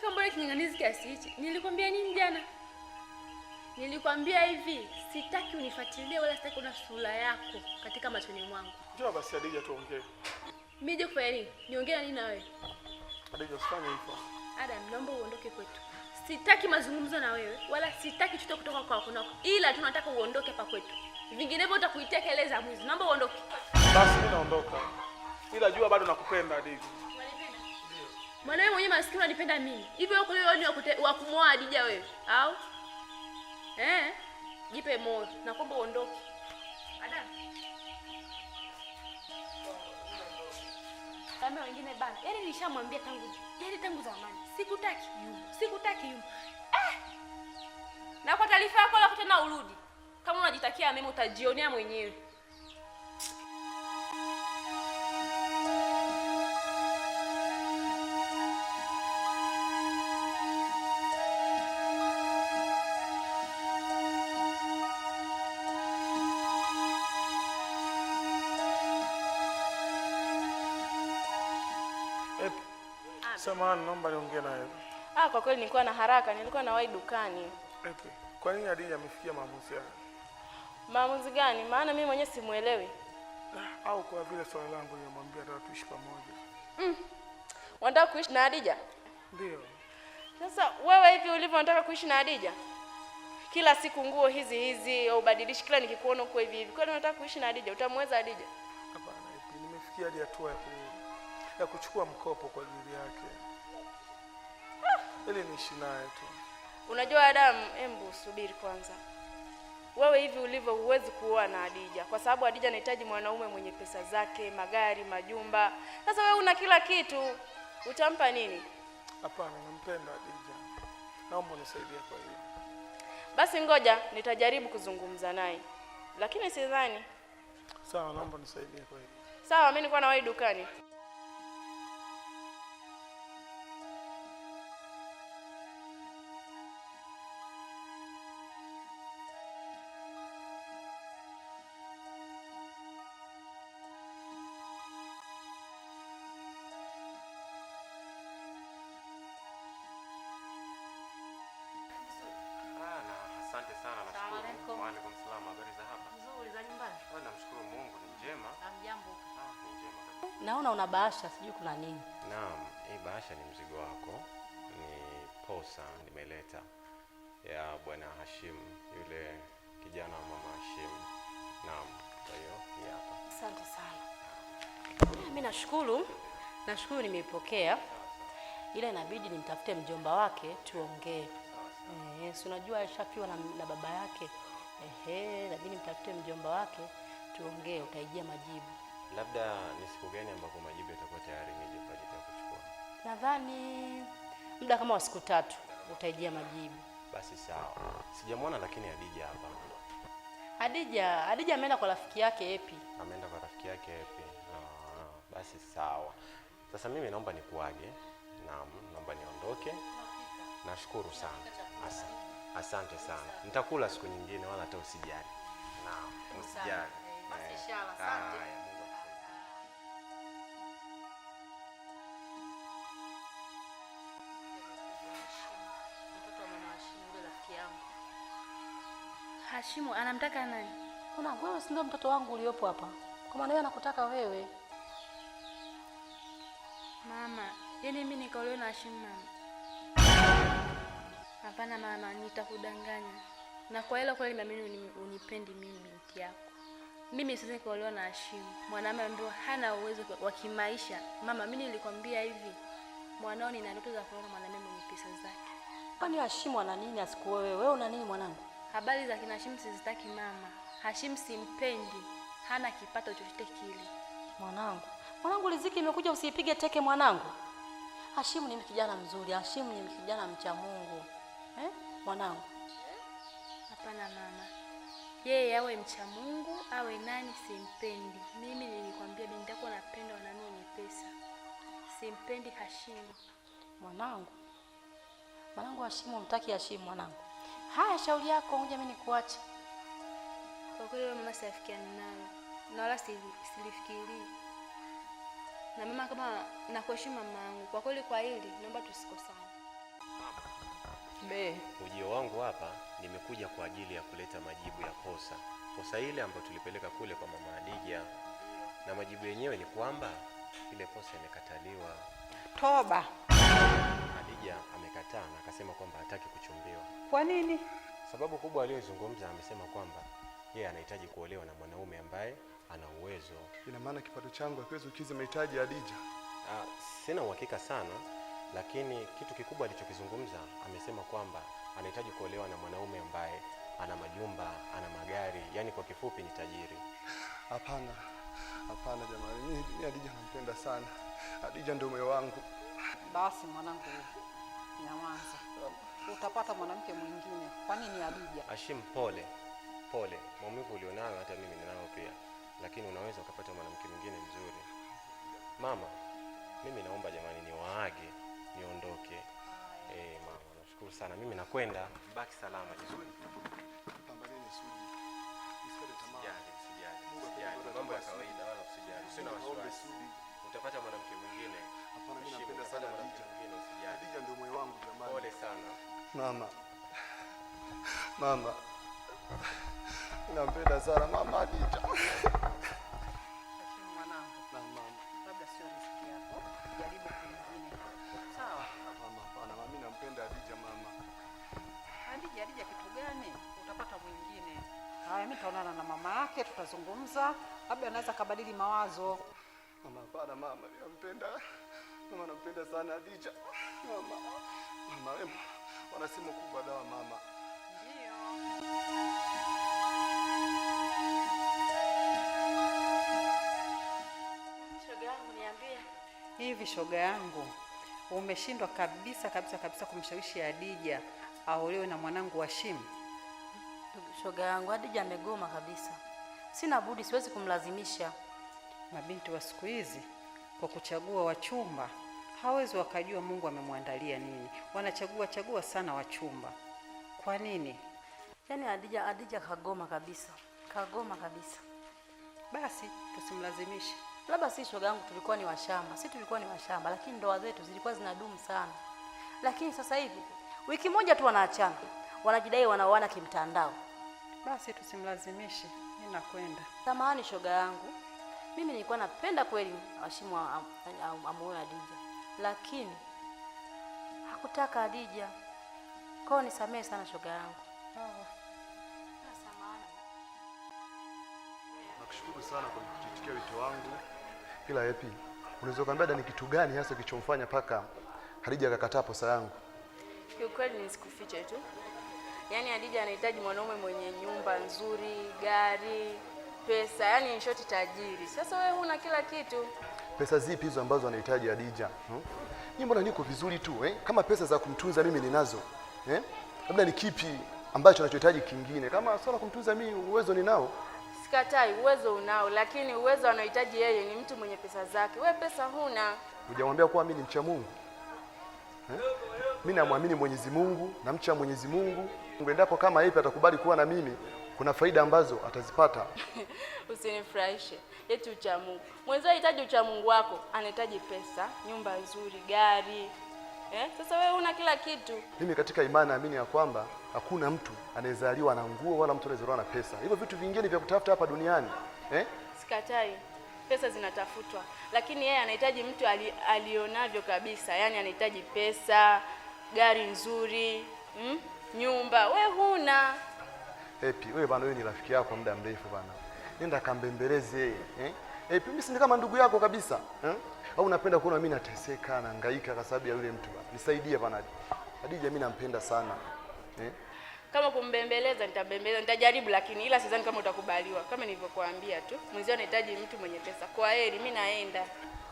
umeweka mbona kinyanganizi kiasi hichi? Nilikwambia nini jana? Nilikwambia hivi, sitaki unifuatilie wala sitaki una sura yako katika machoni mwangu. Njoo basi Adija tuongee. Mimi je kwa nini? Niongee na nini na wewe? Adija usifanye hivyo. Adam, naomba uondoke kwetu. Sitaki mazungumzo na wewe wala sitaki chochote kutoka kwa wako nako. Ila tu nataka uondoke hapa kwetu. Vinginevyo utakuitia kelele za mwizi. Naomba uondoke. Basi mimi naondoka. Ila jua bado nakupenda Adija. Mwanawe mwenye masikini unanipenda mimi. Hivi wewe kulio ni wa kumwoa Hadija wewe? Au? Eh? Jipe moyo. Nakuomba uondoke. Adam. Kama wengine bana. Yaani nishamwambia tangu yaani tangu zamani. Sikutaki yumo. Sikutaki yumo. Eh! Na kwa taarifa yako la tena urudi. Kama unajitakia mema utajionea mwenyewe. Samahani, naomba niongee naye. Ah, kwa kweli nilikuwa na haraka, nilikuwa nawahi dukani. kwa nini Hadija amefikia maamuzi haya? Maamuzi gani? Maana mimi mwenyewe simuelewi. Ah, au kwa vile swali langu nilimwambia nataka tuishi pamoja. Mm. Unataka kuishi na Adija? Ndio. Sasa wewe hivi ulivyo unataka kuishi na Adija? Kila siku nguo hizi hizi, ubadilishi kila nikikuona uko hivi hivi. Kwani unataka kuishi na Adija? Utamweza Adija? Hapana, nimefikia hadi hatua ya kuhu ya kuchukua mkopo kwa ajili yake ili niishi naye tu. Unajua Adamu, embu subiri kwanza. Wewe hivi ulivyo huwezi kuoa na Adija kwa sababu Adija anahitaji mwanaume mwenye pesa zake, magari, majumba. Sasa wewe una kila kitu, utampa nini? Hapana, nampenda Adija, naomba unisaidie kwa hiyo. Basi ngoja nitajaribu kuzungumza naye, lakini sidhani. Sawa, naomba unisaidie kwa hiyo. Sawa, mimi nilikuwa wewe dukani. Naona una bahasha, sijui kuna nini? Naam, hii bahasha ni mzigo wako, ni posa nimeleta ya bwana Hashim, yule kijana wa mama Hashim. Naam, kwa hiyo hii hapa. Asante sana. Mimi ah, nashukuru, nashukuru, nimeipokea ila inabidi nimtafute mjomba wake tuongee. Eh, si unajua alishafiwa na, na baba yake. Ehe, lakini nimtafute mjomba wake tuongee, utaijia majibu. Labda ni siku gani ambapo majibu yatakuwa tayari nije kwa ajili ya kuchukua? Nadhani muda kama wa siku tatu utaijia majibu. Basi sawa, sijamwona lakini Hadija hapa. Hadija, Hadija ameenda kwa rafiki yake Epi. Ameenda kwa rafiki yake Epi. Ah, basi sawa. Sasa mimi naomba nikuage. Naam, naomba niondoke. Nashukuru sana. Asante. Asante sana. Nitakula siku nyingine wala hata usijali. Naam, usijali. Basi inshallah, asante. Hashimu anamtaka nani? Kuna wewe, si ndio mtoto wangu uliopo hapa? Kwa maana yeye anakutaka wewe. Mama, yani mimi nikaolewa na Hashimu mama? Hapana mama, nitakudanganya. Na kwa hilo kweli nimeamini unipendi mimi binti yako. Mimi siwezi nikaolewa na Hashimu. Mwanaume ambaye hana uwezo wa kimaisha. Mama, mimi nilikwambia hivi. Mwanao nina ndoto za kuona na mwanaume mwenye pesa zake. Kwani Hashimu ana nini asikuwe wewe? Wewe una nini mwanangu? Habari za kina Hashimu sizitaki mama. Hashimu simpendi, hana kipato chochote kile. Mwanangu, mwanangu, riziki imekuja, usiipige teke mwanangu. Hashimu ni kijana mzuri, Hashimu ni kijana mcha Mungu eh? Mwanangu, hapana mama, yeye awe mcha Mungu awe nani, simpendi mimi. Nilikwambia binti yako napenda wanaume wenye pesa, simpendi Hashimu mwanangu. Mwanangu Hashimu, mtaki Hashimu mwanangu Haya, shauri yako, ngoja mimi nikuache. Kwa kweli mama, siafikiani nayo na wala silifikiri Na mama, kama nakuheshimu mama yangu, kwa kweli, kwa hili naomba tusikosane. Be, ujio wangu hapa nimekuja kwa ajili ya kuleta majibu ya kosa kosa ile ambayo tulipeleka kule kwa mama Hadija, na majibu yenyewe ni kwamba ile kosa imekataliwa. Toba. Khadija amekataa na akasema kwamba hataki kuchumbiwa. Kwa nini? Sababu kubwa aliyoizungumza, amesema kwamba yeye anahitaji kuolewa na mwanaume ambaye ana uwezo. Ina maana kipato changu hakiwezi kukidhi mahitaji ya Khadija? Ah, sina uhakika sana, lakini kitu kikubwa alichokizungumza, amesema kwamba anahitaji kuolewa na mwanaume ambaye ana majumba, ana magari, yaani kwa kifupi ni tajiri. Hapana, hapana jamani, mimi Khadija nampenda sana. Khadija ndio moyo wangu. Basi mwanangu na utapata mwanamke mwingine. Kwa nini Hadija? Ashim, pole pole, maumivu ulionayo hata mimi ninayo pia, lakini unaweza ukapata mwanamke mwingine mzuri. Mama, mimi naomba jamani, niwaage niondoke. Eh, mama nashukuru sana, mimi nakwenda. Baki salama Mambo ya kawaida wala usijali. Sina Utapata mwanamke mwingine. Hapana, mimi napenda sana mwanamke mwingine. Khadija ndio moyo wangu jamani. Pole sana. Mama. Mama. Nampenda sana mama Khadija. Haya, mimi nitaonana na mama yake, tutazungumza, labda anaweza kabadili mawazo. Mama, hapana mama, mama. Mama nampenda sana Adija. Mama, mama wema, wanasema kubwa dawa mama. Hivi shoga yangu, umeshindwa kabisa kabisa kabisa kumshawishi Adija aolewe na mwanangu washim Shoga yangu, Adija amegoma kabisa, sina budi, siwezi kumlazimisha. Mabinti wa siku hizi kwa kuchagua wachumba, hawezi wakajua Mungu amemwandalia nini. Wanachagua chagua sana wachumba. Kwa nini? Yaani Adija, Adija kagoma kabisa, kagoma kabisa. Basi tusimlazimishe. Labda si shoga yangu, tulikuwa ni washamba, si tulikuwa ni washamba, lakini ndoa zetu zilikuwa zinadumu sana. Lakini sasa hivi wiki moja tu wanaachana, wanajidai wanaoana kimtandao. Basi tusimlazimishe, ninakwenda nakwenda. Samahani shoga yangu, mimi nilikuwa napenda kweli ashimu amuoe Adija, lakini hakutaka Adija. hiyo nisamehe sana shoga yangu. Nakushukuru sana kwa kujitikia wito wangu. Ila yapi, unaweza kuniambia ni kitu gani hasa kilichomfanya mpaka Hadija akakataa posa yangu? Kiukweli sikuficha tu, yaani Hadija anahitaji mwanaume mwenye nyumba nzuri, gari pesa, yani in tajiri. Sasa wewe huna kila kitu. Pesa zipi hizo ambazo anahitaji Adija? Hmm? Ni mbona niko vizuri tu eh? Kama pesa za kumtunza mimi ninazo eh? Labda ni kipi ambacho anachohitaji kingine? Kama swala kumtunza mimi uwezo ninao. Sikatai uwezo unao, lakini uwezo anaohitaji yeye ni mtu mwenye pesa zake. Wewe pesa huna. Hujamwambia kuwa mimi ni mcha Mungu. Eh? Mimi namwamini Mwenyezi Mungu, namcha Mwenyezi Mungu. Endapo kama ipi atakubali kuwa na mimi kuna faida ambazo atazipata. Usinifurahishe yetu cha Mungu mwenzio anahitaji ucha Mungu wako, anahitaji pesa, nyumba nzuri, gari eh? Sasa wewe una kila kitu. Mimi katika imani naamini ya kwamba hakuna mtu anayezaliwa na nguo wala mtu anayezaliwa na pesa. Hivyo vitu vingine vya kutafuta hapa duniani eh? Sikatai pesa zinatafutwa, lakini yeye anahitaji mtu ali, alionavyo kabisa, yaani anahitaji pesa, gari nzuri mm? nyumba. We huna Epi, wewe bwana, wewe ni rafiki yako muda mrefu bwana, nenda kambembeleze eh? Epi, mimi si kama ndugu yako kabisa eh? Au unapenda kuona mimi nateseka na hangaika kwa sababu ya yule mtu bwana? Nisaidie bwana Hadija, mimi nampenda sana eh? Kama kumbembeleza nitabembeleza, nitajaribu, lakini ila sidhani kama utakubaliwa. Kama nilivyokuambia tu, mwenzio anahitaji mtu mwenye pesa. Kwa heri, mimi naenda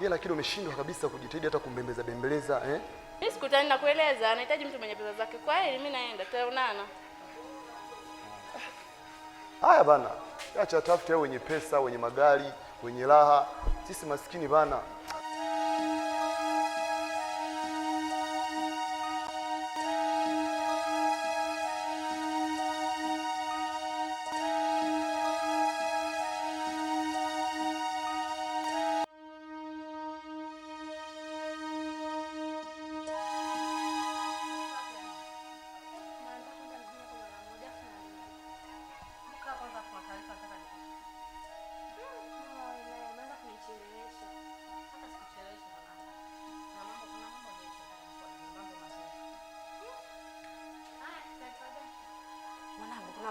yeye, lakini umeshindwa kabisa kujitahidi hata kumbembeleza bembeleza eh? Mimi sikutani na kueleza, anahitaji mtu mwenye pesa zake. Kwa heri, mimi naenda, tutaonana. Haya bana, acha tafute wenye pesa, wenye magari, wenye raha. Sisi maskini bana.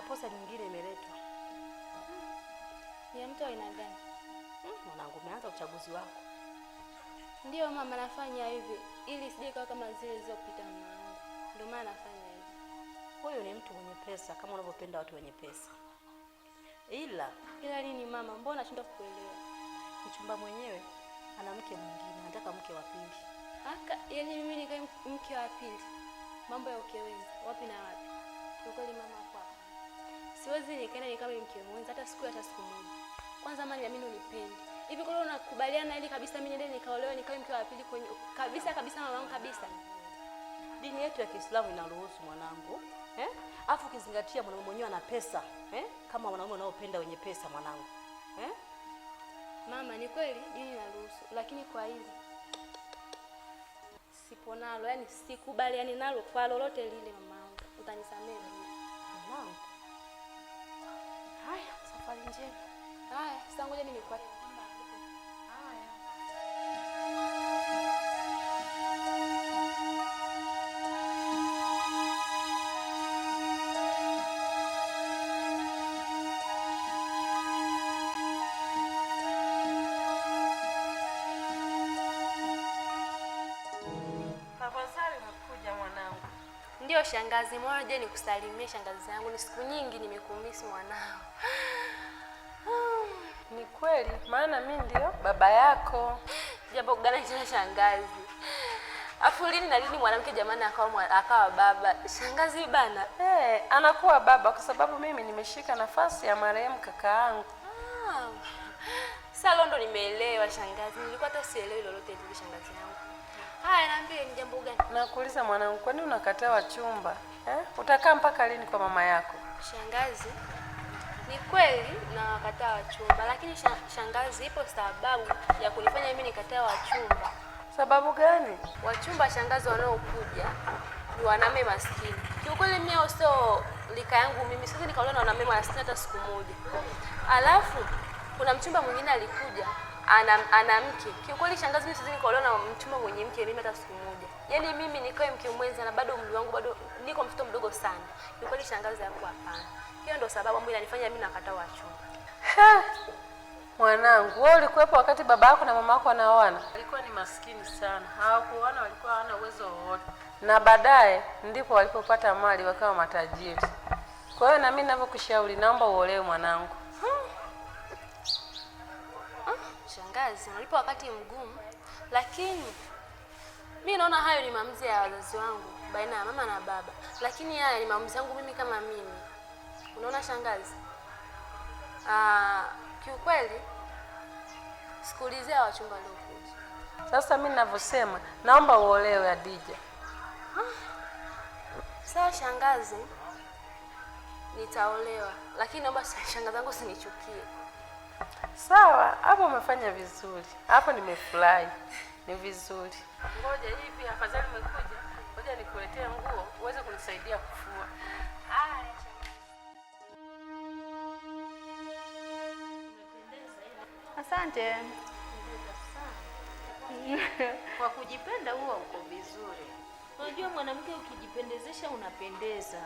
posa nyingine imeletwa. Ni mtu aina gani? Hmm, mwanangu, umeanza uchaguzi wako. Ndiyo mama, nafanya hivi ili sije kawa kama zile zilizopita mwanangu. Ndio maana nafanya hivi. Huyu ni mtu mwenye pesa kama unavyopenda watu wenye pesa. Ila ila nini mama, mbona nashindwa kukuelewa? Mchumba mwenyewe ana mke mwingine, anataka mke wa pili. Aka, yaani mimi nikae mke wa pili. Mambo ya ukewe wapi na wapi? Kwa kweli mama Siwezi nikaenda nikawe mke mwenza hata siku hata siku moja. Kwanza mali amini unipende. Hivi kwa hiyo unakubaliana ili kabisa mimi niende nikaolewe nikawe mke wa pili kwenye kabisa kabisa mama wangu kabisa. Dini yetu ya Kiislamu inaruhusu mwanangu. Eh? Afu kizingatia mwanamume mwenyewe ana pesa, eh? Kama wanaume wanaopenda wenye pesa mwanangu. Eh? Mama ni kweli dini inaruhusu lakini kwa hizi sipo nalo, yani sikubali yani nalo kwa lolote lile mama. Utanisamehe. Njema. Haya, sasa ngoja mimi Ndio shangazi, moja nikusalimie shangazi yangu, ni siku nyingi nimekumisi mwanao kweli, maana mi ndio baba yako. Jambo gani tena shangazi? Afu lini na lini mwanamke jamani akawa akawa baba? Shangazi bana, hey, eh, anakuwa baba kwa sababu mimi nimeshika nafasi ya marehemu kaka yangu. Ah, sasa ndo nimeelewa shangazi, nilikuwa hata sielewi lolote hili shangazi yangu. Haya, niambie ni jambo gani? Nakuuliza mwanangu, kwani unakataa chumba eh? Utakaa mpaka lini kwa mama yako shangazi? Ni kweli na wakataa wachumba, lakini shangazi, ipo sababu ya kunifanya mimi nikataa wachumba. Sababu gani? Wachumba shangazi wanaokuja ni wanaume maskini. Kiukweli mimi au sio lika yangu mimi sasa nikaolewa na wanaume maskini hata siku moja. Alafu kuna mchumba mwingine alikuja ana ana mke. Kiukweli shangazi, mimi sizini kuolewa na mchumba mwenye mke mimi hata siku moja. Yaani mimi nikae mke mwenza na bado umri wangu bado niko mtoto mdogo sana. Kiukweli shangazi, yako hapana. Hiyo ndio sababu ambayo inanifanya mimi nakata wachumba. Mwanangu, wewe ulikuwepo wakati baba yako na mama yako wanaoana? Walikuwa ni maskini sana. Hawakuoana, walikuwa hawana uwezo wowote. Na baadaye ndipo walipopata mali wakawa matajiri. Kwa hiyo na mimi ninavyokushauri, naomba uolewe mwanangu. shangazi, unalipa wakati mgumu, lakini mi naona hayo ni maamuzi ya wazazi wangu baina ya mama na baba, lakini haya ni maamuzi yangu mimi kama mimi. Unaona shangazi, ah, kiukweli sikulizea wachumba waliokuja. Sasa mi ninavyosema, naomba uolewe Adija. Sawa shangazi, nitaolewa, lakini naomba shangazi zangu sinichukie. Sawa, hapo umefanya vizuri, hapo nimefurahi, ni vizuri. Ngoja hivi, afadhali umekuja, ngoja nikuletee nguo uweze kunisaidia kufua. Asante kwa kujipenda, huwa uko vizuri. Unajua mwanamke ukijipendezesha, unapendeza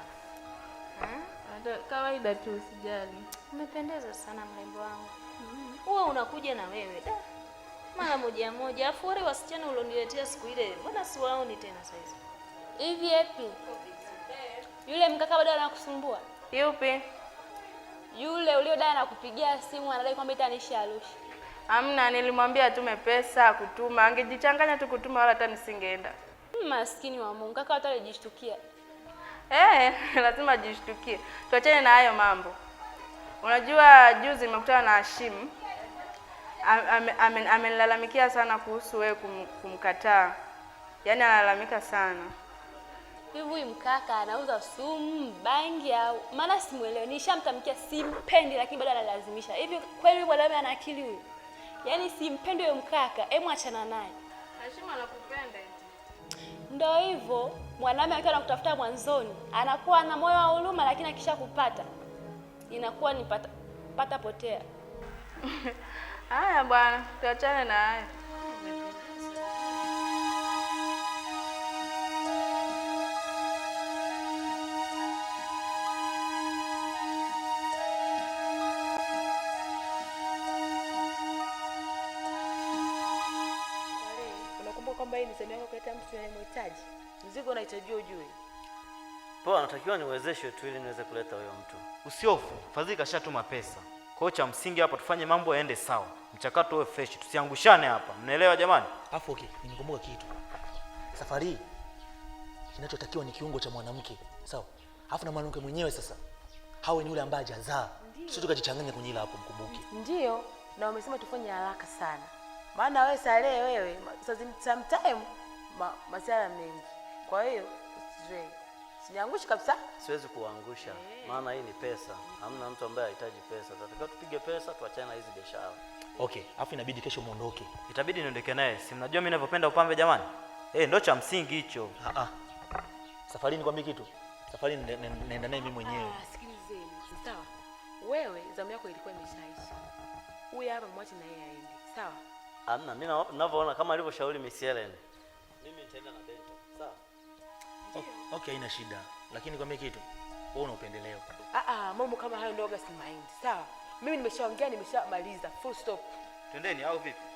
kawaida eh? tu, usijali. Umependeza sana mrembo wangu, huwa unakuja na wewe da mara moja moja, afu wale wasichana ulioniletea siku ile, mbona siwaoni tena sasa hivi? Epi, yule mkaka bado anakusumbua? Yupi? Yule uliodai kupigia simu, anadai kwamba itanishi Arusha. Amna, nilimwambia atume pesa kutuma Angejichanganya tu kutuma, wala hata nisingeenda. Maskini wa Mungu, kaka hata alijishtukia eh, lazima jishtukie. Tuachane na hayo mambo. Unajua juzi nimekutana na Hashim amenilalamikia ame, ame, ame sana kuhusu wewe kum, kumkataa, yaani analalamika sana hivi huyu mkaka anauza sumu bangi au maana, simuelewi. Nishamtamkia simpendi, lakini bado analazimisha. Hivi kweli bwana ana akili huyu? Yaani simpendi huyo mkaka, hebu achana naye. Hashim anakupenda, ndio hivyo mwanaume akiwa anakutafuta mwanzoni anakuwa na moyo wa huruma, lakini akisha kupata inakuwa ni pata, pata potea. Haya bwana, tuachane na haya. Unakumbuka kwamba hii ni sehemu yako kuleta mtu Mzigo unahitajiwa ujue. Poa, natakiwa niwezeshwe tu ili niweze kuleta huyo mtu. Usiofu, Fadhili kashatuma pesa. Kwa hiyo cha msingi hapa tufanye mambo yaende sawa, mchakato uwe fresh, tusiangushane hapa, mnaelewa jamani? Afu okay, nikumbuka kitu. Safari kinachotakiwa ni kiungo cha mwanamke, sawa? Alafu na mwanamke mwenyewe sasa hawe ni yule ambaye hajazaa, sio tukajichanganya kwenye ile hapo, mkumbuke. Ndio, na wamesema tufanye haraka sana, maana wewe Salehe, wewe sometimes ma, masuala mengi kwa hiyo usijui. Sijaangusha kabisa? Siwezi kuangusha. Hey. Eh. Maana hii ni pesa. Hamna mtu ambaye hahitaji pesa. Tatakiwa tupige pesa tuachane na hizi biashara. Okay, afu inabidi kesho muondoke. Itabidi niondoke naye. Si mnajua mimi ninavyopenda upambe jamani? Eh, hey, ndo cha msingi hicho. Ah ah. Safari ni kwambi kitu. Safari naenda naye mimi mwenyewe. Ah, sikilizeni. Sawa. Wewe zamu yako ilikuwa imeshaisha. Huyu hapa mwache na yeye aende. Sawa? Hamna, mimi ninavyoona kama alivyoshauri Miss Helen. Mimi nitaenda na Ben. Oh, okay, haina shida, lakini kwambie kitu, wewe una upendeleo. Ah, ah mambo kama hayo ndio si mind. Sawa, mimi nimeshaongea, nimeshamaliza full stop. Twendeni au vipi?